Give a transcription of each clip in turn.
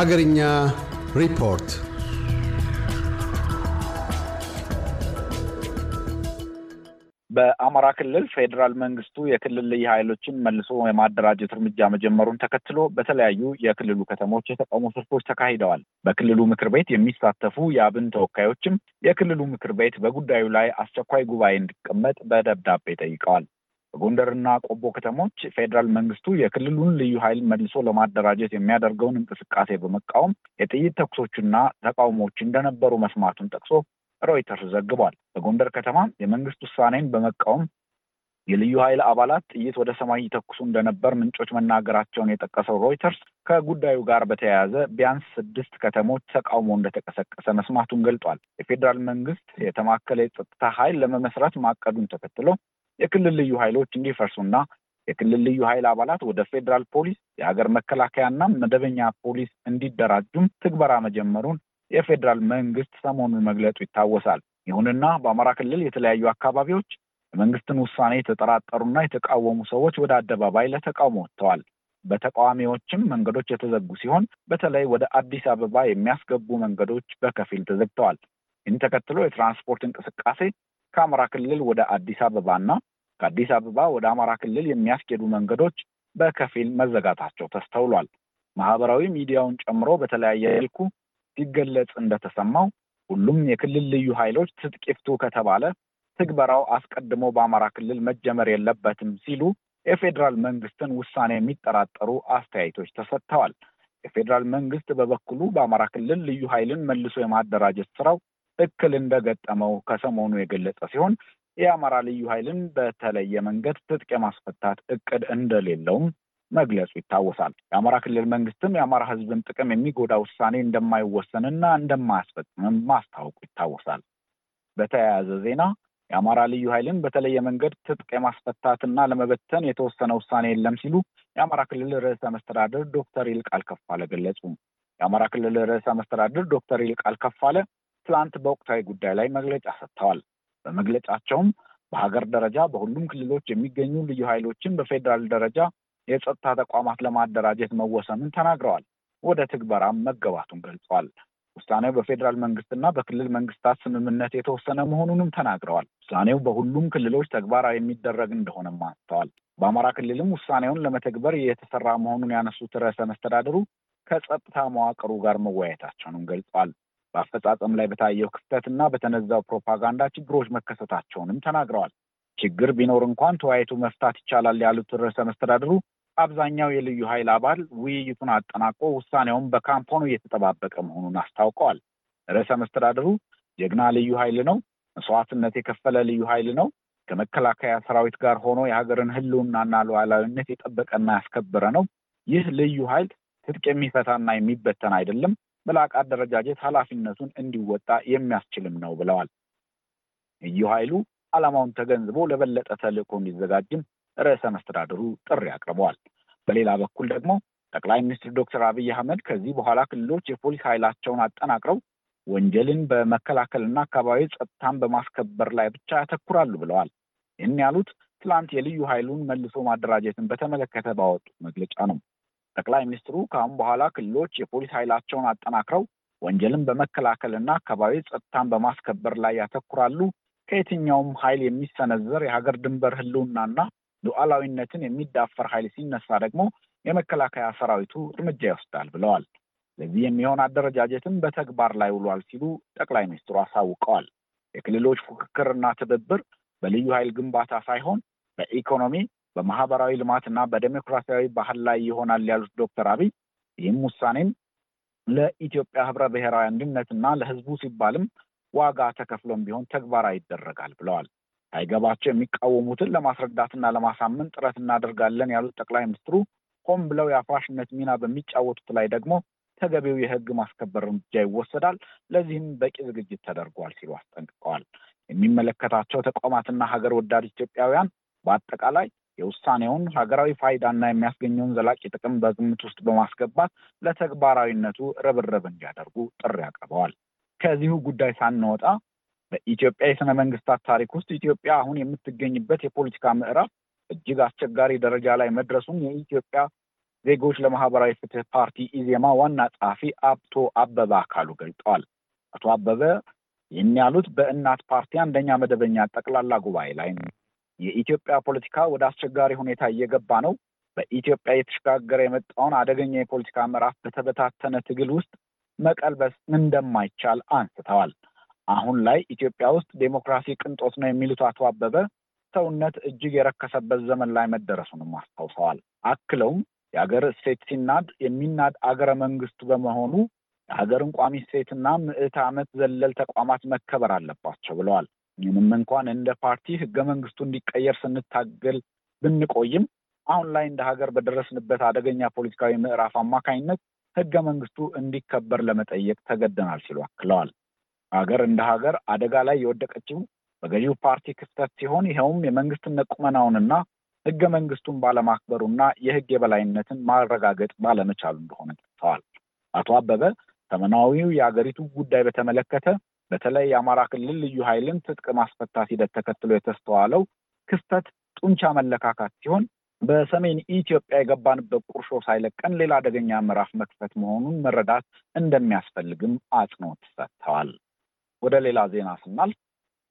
ሀገርኛ ሪፖርት በአማራ ክልል ፌዴራል መንግስቱ የክልል ልዩ ኃይሎችን መልሶ የማደራጀት እርምጃ መጀመሩን ተከትሎ በተለያዩ የክልሉ ከተሞች የተቃውሞ ሰልፎች ተካሂደዋል። በክልሉ ምክር ቤት የሚሳተፉ የአብን ተወካዮችም የክልሉ ምክር ቤት በጉዳዩ ላይ አስቸኳይ ጉባኤ እንዲቀመጥ በደብዳቤ ጠይቀዋል። ጎንደርና ቆቦ ከተሞች ፌዴራል መንግስቱ የክልሉን ልዩ ኃይል መልሶ ለማደራጀት የሚያደርገውን እንቅስቃሴ በመቃወም የጥይት ተኩሶችና ተቃውሞዎች እንደነበሩ መስማቱን ጠቅሶ ሮይተርስ ዘግቧል። በጎንደር ከተማ የመንግስት ውሳኔን በመቃወም የልዩ ኃይል አባላት ጥይት ወደ ሰማይ ይተኩሱ እንደነበር ምንጮች መናገራቸውን የጠቀሰው ሮይተርስ ከጉዳዩ ጋር በተያያዘ ቢያንስ ስድስት ከተሞች ተቃውሞ እንደተቀሰቀሰ መስማቱን ገልጧል። የፌዴራል መንግስት የተማከለ የጸጥታ ኃይል ለመመስረት ማቀዱን ተከትሎ የክልል ልዩ ኃይሎች እንዲፈርሱና የክልል ልዩ ኃይል አባላት ወደ ፌዴራል ፖሊስ፣ የሀገር መከላከያና መደበኛ ፖሊስ እንዲደራጁም ትግበራ መጀመሩን የፌዴራል መንግስት ሰሞኑን መግለጹ ይታወሳል። ይሁንና በአማራ ክልል የተለያዩ አካባቢዎች የመንግስትን ውሳኔ የተጠራጠሩና የተቃወሙ ሰዎች ወደ አደባባይ ለተቃውሞ ወጥተዋል። በተቃዋሚዎችም መንገዶች የተዘጉ ሲሆን በተለይ ወደ አዲስ አበባ የሚያስገቡ መንገዶች በከፊል ተዘግተዋል። ይህን ተከትሎ የትራንስፖርት እንቅስቃሴ ከአማራ ክልል ወደ አዲስ አበባና ከአዲስ አበባ ወደ አማራ ክልል የሚያስኬዱ መንገዶች በከፊል መዘጋታቸው ተስተውሏል። ማህበራዊ ሚዲያውን ጨምሮ በተለያየ መልኩ ሲገለጽ እንደተሰማው ሁሉም የክልል ልዩ ኃይሎች ትጥቅ ይፍቱ ከተባለ ትግበራው አስቀድሞ በአማራ ክልል መጀመር የለበትም ሲሉ የፌዴራል መንግስትን ውሳኔ የሚጠራጠሩ አስተያየቶች ተሰጥተዋል። የፌዴራል መንግስት በበኩሉ በአማራ ክልል ልዩ ኃይልን መልሶ የማደራጀት ስራው እክል እንደገጠመው ከሰሞኑ የገለጸ ሲሆን የአማራ ልዩ ኃይልን በተለየ መንገድ ትጥቅ የማስፈታት እቅድ እንደሌለውም መግለጹ ይታወሳል። የአማራ ክልል መንግስትም የአማራ ህዝብን ጥቅም የሚጎዳ ውሳኔ እንደማይወሰንና እንደማያስፈጽምም ማስታወቁ ይታወሳል። በተያያዘ ዜና የአማራ ልዩ ኃይልን በተለየ መንገድ ትጥቅ የማስፈታትና ለመበተን የተወሰነ ውሳኔ የለም ሲሉ የአማራ ክልል ርዕሰ መስተዳድር ዶክተር ይልቃል ከፋለ ገለጹ። የአማራ ክልል ርዕሰ መስተዳድር ዶክተር ይልቃል ከፋለ ትላንት በወቅታዊ ጉዳይ ላይ መግለጫ ሰጥተዋል። በመግለጫቸውም በሀገር ደረጃ በሁሉም ክልሎች የሚገኙ ልዩ ኃይሎችን በፌዴራል ደረጃ የጸጥታ ተቋማት ለማደራጀት መወሰኑን ተናግረዋል። ወደ ትግበራም መገባቱን ገልጸዋል። ውሳኔው በፌዴራል መንግስትና በክልል መንግስታት ስምምነት የተወሰነ መሆኑንም ተናግረዋል። ውሳኔው በሁሉም ክልሎች ተግባራዊ የሚደረግ እንደሆነም አንስተዋል። በአማራ ክልልም ውሳኔውን ለመተግበር የተሰራ መሆኑን ያነሱት ርዕሰ መስተዳድሩ ከጸጥታ መዋቅሩ ጋር መወያየታቸውንም ገልጿል። በአፈጻጸም ላይ በታየው ክፍተት እና በተነዛው ፕሮፓጋንዳ ችግሮች መከሰታቸውንም ተናግረዋል። ችግር ቢኖር እንኳን ተወያይቶ መፍታት ይቻላል ያሉት ርዕሰ መስተዳድሩ አብዛኛው የልዩ ኃይል አባል ውይይቱን አጠናቆ ውሳኔውን በካምፕ ሆኖ እየተጠባበቀ መሆኑን አስታውቀዋል። ርዕሰ መስተዳድሩ ጀግና ልዩ ኃይል ነው፣ መስዋዕትነት የከፈለ ልዩ ኃይል ነው፣ ከመከላከያ ሰራዊት ጋር ሆኖ የሀገርን ሕልውናና ሉዓላዊነት የጠበቀና ያስከበረ ነው። ይህ ልዩ ኃይል ትጥቅ የሚፈታና የሚበተን አይደለም። በላቀ አደረጃጀት ኃላፊነቱን እንዲወጣ የሚያስችልም ነው ብለዋል። እዩ ኃይሉ ዓላማውን ተገንዝቦ ለበለጠ ተልእኮ እንዲዘጋጅም ርዕሰ መስተዳድሩ ጥሪ አቅርበዋል። በሌላ በኩል ደግሞ ጠቅላይ ሚኒስትር ዶክተር አብይ አህመድ ከዚህ በኋላ ክልሎች የፖሊስ ኃይላቸውን አጠናቅረው ወንጀልን በመከላከልና አካባቢ ጸጥታን በማስከበር ላይ ብቻ ያተኩራሉ ብለዋል። ይህን ያሉት ትላንት የልዩ ኃይሉን መልሶ ማደራጀትን በተመለከተ ባወጡት መግለጫ ነው። ጠቅላይ ሚኒስትሩ ከአሁን በኋላ ክልሎች የፖሊስ ኃይላቸውን አጠናክረው ወንጀልን በመከላከልና አካባቢ ጸጥታን በማስከበር ላይ ያተኩራሉ። ከየትኛውም ኃይል የሚሰነዘር የሀገር ድንበር ህልውናና ሉዓላዊነትን የሚዳፈር ኃይል ሲነሳ ደግሞ የመከላከያ ሰራዊቱ እርምጃ ይወስዳል ብለዋል። ለዚህ የሚሆን አደረጃጀትም በተግባር ላይ ውሏል ሲሉ ጠቅላይ ሚኒስትሩ አሳውቀዋል። የክልሎች ፉክክርና ትብብር በልዩ ኃይል ግንባታ ሳይሆን በኢኮኖሚ በማህበራዊ ልማትና በዴሞክራሲያዊ ባህል ላይ ይሆናል ያሉት ዶክተር አብይ ይህም ውሳኔም ለኢትዮጵያ ህብረ ብሔራዊ አንድነትና ለህዝቡ ሲባልም ዋጋ ተከፍሎም ቢሆን ተግባራዊ ይደረጋል ብለዋል። ሳይገባቸው የሚቃወሙትን ለማስረዳትና ለማሳመን ጥረት እናደርጋለን ያሉት ጠቅላይ ሚኒስትሩ ሆን ብለው የአፍራሽነት ሚና በሚጫወቱት ላይ ደግሞ ተገቢው የህግ ማስከበር እርምጃ ይወሰዳል፣ ለዚህም በቂ ዝግጅት ተደርጓል ሲሉ አስጠንቅቀዋል። የሚመለከታቸው ተቋማትና ሀገር ወዳድ ኢትዮጵያውያን በአጠቃላይ የውሳኔውን ሀገራዊ ፋይዳና የሚያስገኘውን ዘላቂ ጥቅም በግምት ውስጥ በማስገባት ለተግባራዊነቱ ርብርብ እንዲያደርጉ ጥሪ አቅርበዋል። ከዚሁ ጉዳይ ሳንወጣ በኢትዮጵያ የሥነ መንግስታት ታሪክ ውስጥ ኢትዮጵያ አሁን የምትገኝበት የፖለቲካ ምዕራፍ እጅግ አስቸጋሪ ደረጃ ላይ መድረሱን የኢትዮጵያ ዜጎች ለማህበራዊ ፍትህ ፓርቲ ኢዜማ ዋና ጸሐፊ አቶ አበበ አካሉ ገልጠዋል። አቶ አበበ ይህን ያሉት በእናት ፓርቲ አንደኛ መደበኛ ጠቅላላ ጉባኤ ላይ ነው። የኢትዮጵያ ፖለቲካ ወደ አስቸጋሪ ሁኔታ እየገባ ነው። በኢትዮጵያ የተሸጋገረ የመጣውን አደገኛ የፖለቲካ ምዕራፍ በተበታተነ ትግል ውስጥ መቀልበስ እንደማይቻል አንስተዋል። አሁን ላይ ኢትዮጵያ ውስጥ ዴሞክራሲ ቅንጦት ነው የሚሉት አቶ አበበ ሰውነት እጅግ የረከሰበት ዘመን ላይ መደረሱንም አስታውሰዋል። አክለውም የሀገር እሴት ሲናድ የሚናድ አገረ መንግስቱ በመሆኑ የሀገርን ቋሚ እሴትና ምዕተ ዓመት ዘለል ተቋማት መከበር አለባቸው ብለዋል። ምንም እንኳን እንደ ፓርቲ ህገ መንግስቱ እንዲቀየር ስንታገል ብንቆይም አሁን ላይ እንደ ሀገር በደረስንበት አደገኛ ፖለቲካዊ ምዕራፍ አማካኝነት ህገ መንግስቱ እንዲከበር ለመጠየቅ ተገደናል ሲሉ አክለዋል። ሀገር እንደ ሀገር አደጋ ላይ የወደቀችው በገዢው ፓርቲ ክፍተት ሲሆን ይኸውም የመንግስትነት ቁመናውንና ህገ መንግስቱን ባለማክበሩና የህግ የበላይነትን ማረጋገጥ ባለመቻሉ እንደሆነ ጠቅሰዋል። አቶ አበበ ሰሞናዊው የአገሪቱ ጉዳይ በተመለከተ በተለይ የአማራ ክልል ልዩ ኃይልን ትጥቅ ማስፈታት ሂደት ተከትሎ የተስተዋለው ክስተት ጡንቻ መለካካት ሲሆን በሰሜን ኢትዮጵያ የገባንበት ቁርሾ ሳይለቀን ሌላ አደገኛ ምዕራፍ መክፈት መሆኑን መረዳት እንደሚያስፈልግም አጽንኦት ሰጥተዋል። ወደ ሌላ ዜና ስናልፍ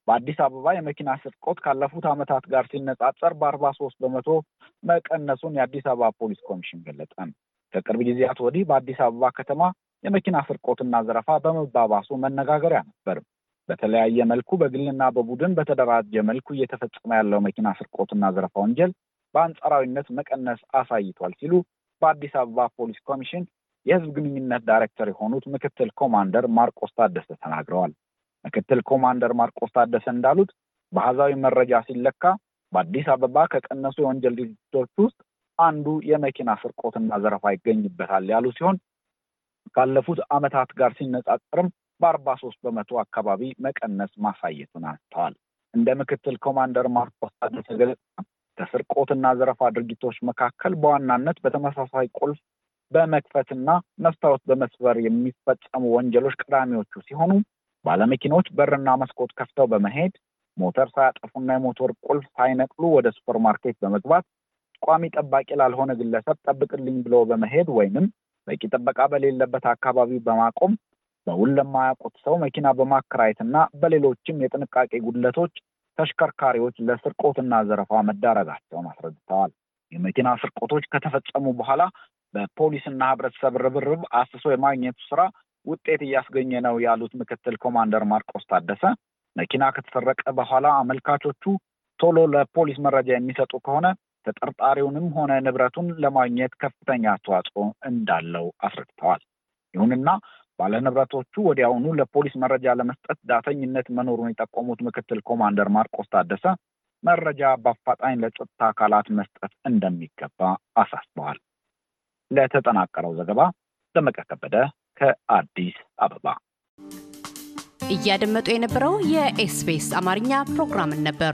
በአዲስ አበባ የመኪና ስርቆት ካለፉት ዓመታት ጋር ሲነጻጸር በአርባ ሶስት በመቶ መቀነሱን የአዲስ አበባ ፖሊስ ኮሚሽን ገለጸ። ከቅርብ ጊዜያት ወዲህ በአዲስ አበባ ከተማ የመኪና ስርቆትና ዘረፋ በመባባሱ መነጋገሪያ ነበር። በተለያየ መልኩ በግልና በቡድን በተደራጀ መልኩ እየተፈጸመ ያለው መኪና ስርቆትና ዘረፋ ወንጀል በአንጻራዊነት መቀነስ አሳይቷል ሲሉ በአዲስ አበባ ፖሊስ ኮሚሽን የሕዝብ ግንኙነት ዳይሬክተር የሆኑት ምክትል ኮማንደር ማርቆስ ታደሰ ተናግረዋል። ምክትል ኮማንደር ማርቆስ ታደሰ እንዳሉት ባህዛዊ መረጃ ሲለካ በአዲስ አበባ ከቀነሱ የወንጀል ድርጅቶች ውስጥ አንዱ የመኪና ስርቆትና ዘረፋ ይገኝበታል ያሉ ሲሆን ካለፉት ዓመታት ጋር ሲነጻጸርም በአርባ ሶስት በመቶ አካባቢ መቀነስ ማሳየቱን አንስተዋል። እንደ ምክትል ኮማንደር ማርቆስ ተገለጸ ከስርቆትና ዘረፋ ድርጊቶች መካከል በዋናነት በተመሳሳይ ቁልፍ በመክፈትና መስታወት በመስበር የሚፈጸሙ ወንጀሎች ቀዳሚዎቹ ሲሆኑ ባለመኪኖች በርና መስኮት ከፍተው በመሄድ ሞተር ሳያጠፉና የሞተር ቁልፍ ሳይነቅሉ ወደ ሱፐርማርኬት በመግባት ቋሚ ጠባቂ ላልሆነ ግለሰብ ጠብቅልኝ ብሎ በመሄድ ወይንም በቂ ጥበቃ በሌለበት አካባቢ በማቆም በውል ለማያውቁት ሰው መኪና በማከራየትና በሌሎችም የጥንቃቄ ጉድለቶች ተሽከርካሪዎች ለስርቆትና ዘረፋ መዳረጋቸውን አስረድተዋል። የመኪና ስርቆቶች ከተፈጸሙ በኋላ በፖሊስና ህብረተሰብ ርብርብ አስሶ የማግኘቱ ስራ ውጤት እያስገኘ ነው ያሉት ምክትል ኮማንደር ማርቆስ ታደሰ መኪና ከተሰረቀ በኋላ አመልካቾቹ ቶሎ ለፖሊስ መረጃ የሚሰጡ ከሆነ ተጠርጣሪውንም ሆነ ንብረቱን ለማግኘት ከፍተኛ አስተዋጽኦ እንዳለው አስረድተዋል። ይሁንና ባለንብረቶቹ ወዲያውኑ ለፖሊስ መረጃ ለመስጠት ዳተኝነት መኖሩን የጠቆሙት ምክትል ኮማንደር ማርቆስ ታደሰ መረጃ በአፋጣኝ ለጸጥታ አካላት መስጠት እንደሚገባ አሳስበዋል። ለተጠናቀረው ዘገባ ደመቀ ከበደ ከአዲስ አበባ። እያደመጡ የነበረው የኤስቢኤስ አማርኛ ፕሮግራምን ነበር።